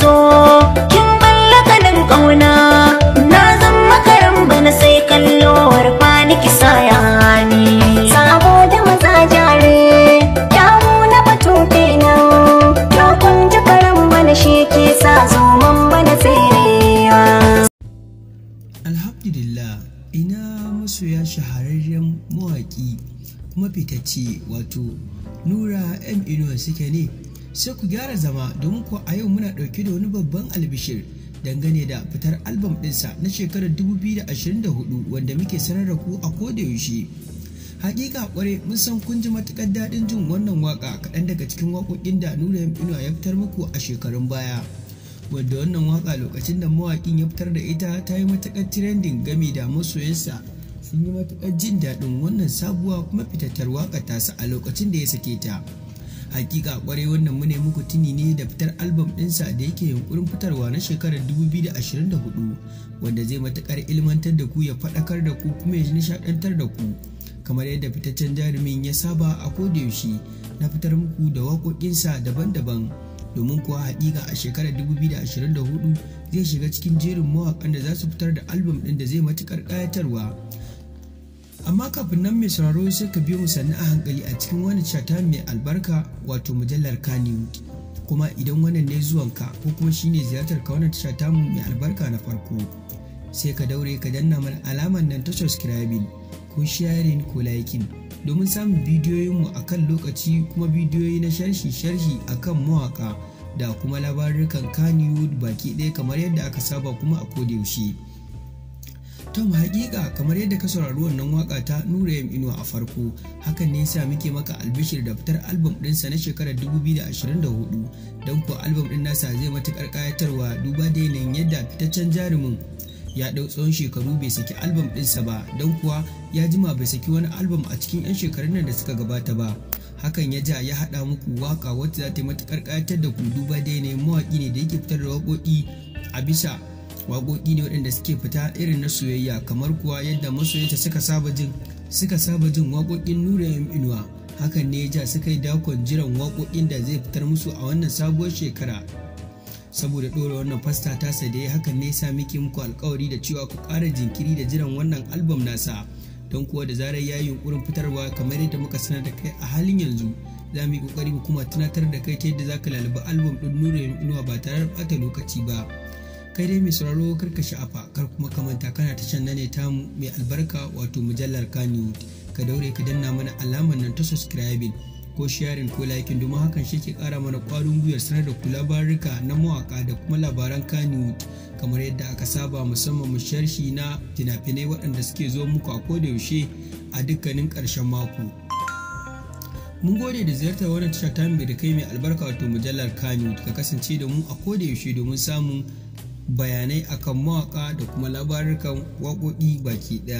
so kin ballaka nan kauna na zan makaran bana sai kallowar bani kisa ya sabo da maza jare ya na fito kenan to kun ji karan bana shi ke sa zoman bana tsirewa alhamdulillah ina masoya shahararren mawaƙi kuma fitacce wato nura m inuwa suke ne sai ku gyara zama don ku a yau muna ɗauke da wani babban albishir dangane da fitar albam ɗinsa na shekarar 2024 wanda muke sanar da ku a kodayaushe hakika kwarai mun san kun ji matukar daɗin jin wannan waka kaɗan daga cikin waƙoƙin da nura inuwa ya fitar muku a shekarun baya Wanda wannan waka lokacin da mawaƙin ya fitar da ita ta yi matukar trending game da masoyansa sun yi matukar jin daɗin wannan sabuwa kuma fitattar waka tasa a lokacin da ya sake ta. hakika kwarai wannan mu ne muku tuni ne da fitar albam ɗinsa da yake yunkurin fitarwa na shekarar 2024 wanda zai matukar ilmantar da ku ya faɗakar da ku kuma ya nishaɗantar da ku kamar yadda fitaccen jarumin ya saba a kodayaushe na fitar muku da waƙoƙinsa daban-daban domin kuwa hakika a shekarar 2024 zai shiga cikin jerin mawaƙan da za su fitar da albam ɗin da zai matukar ƙayatarwa amma kafin nan mai sauraro sai ka biyo mu sannu a hankali a cikin wani chata mai albarka wato mujallar kaniwood kuma idan wannan ne zuwanka ko kuma shine ziyartar ka wannan chata mai albarka na farko sai ka daure ka danna mana alamar nan ta subscribing ko sharing ko liking domin samun bidiyoyinmu a kan lokaci kuma bidiyoyi na sharhi-sharhi a kan mawaka da kuma labarukan kaniwood baki ɗaya kamar yadda aka saba kuma a kodayaushe. yaushe Tom hakika kamar yadda ka saurari wannan waka ta Nura Yam Inuwa a farko hakan ne yasa muke maka albishir da fitar album ɗinsa na shekarar 2024 don kuwa album ɗin nasa zai matuƙar kayatarwa duba da yanayin yadda fitaccen jarumin ya dau tsawon shekaru bai saki album ɗinsa ba don kuwa ya jima bai saki wani album a cikin 'yan shekarun nan da suka gabata ba hakan ya ja ya haɗa muku waka wacce za ta yi matuƙar ƙayatar da ku duba da yanayin mawaki ne da yake fitar da waƙoƙi a bisa waƙoƙi ne waɗanda suke fita irin na soyayya kamar kuwa yadda masoyanta suka saba jin suka saba jin waƙoƙin inuwa hakan ne ja suka yi dakon jiran waƙoƙin da zai fitar musu a wannan sabuwar shekara saboda ɗora wannan fasta ta da ya hakan ne ya miki muku alkawari da cewa ku ƙara jinkiri da jiran wannan albam nasa don kuwa da zarar ya yi yunkurin fitarwa kamar yadda muka sanar da kai a halin yanzu za mu yi ƙoƙari mu kuma tunatar da kai ta yadda za ka lalaba albam ɗin nura yin inuwa ba tare da ɓata lokaci ba kai dai mai sauraro karka sha'afa kar kuma ka manta kana ta can ne mai albarka wato mujallar kanewood ka daure ka danna mana alamar nan ta subscribing ko sharing ko liking domin hakan shi ke kara mana kwarin gwiwar sanar da kula labarurka na mawaka da kuma labaran kanewood kamar yadda aka saba musamman mu sharshi na fina-finai waɗanda suke zo muku a yaushe a dukkanin ƙarshen mako mun gode da ziyartar wannan tashar tamu da kai mai albarka wato mujallar kanewood ka kasance da mu a yaushe domin samun bayanai akan mawaƙa da kuma labarukan waƙoƙi baki ɗaya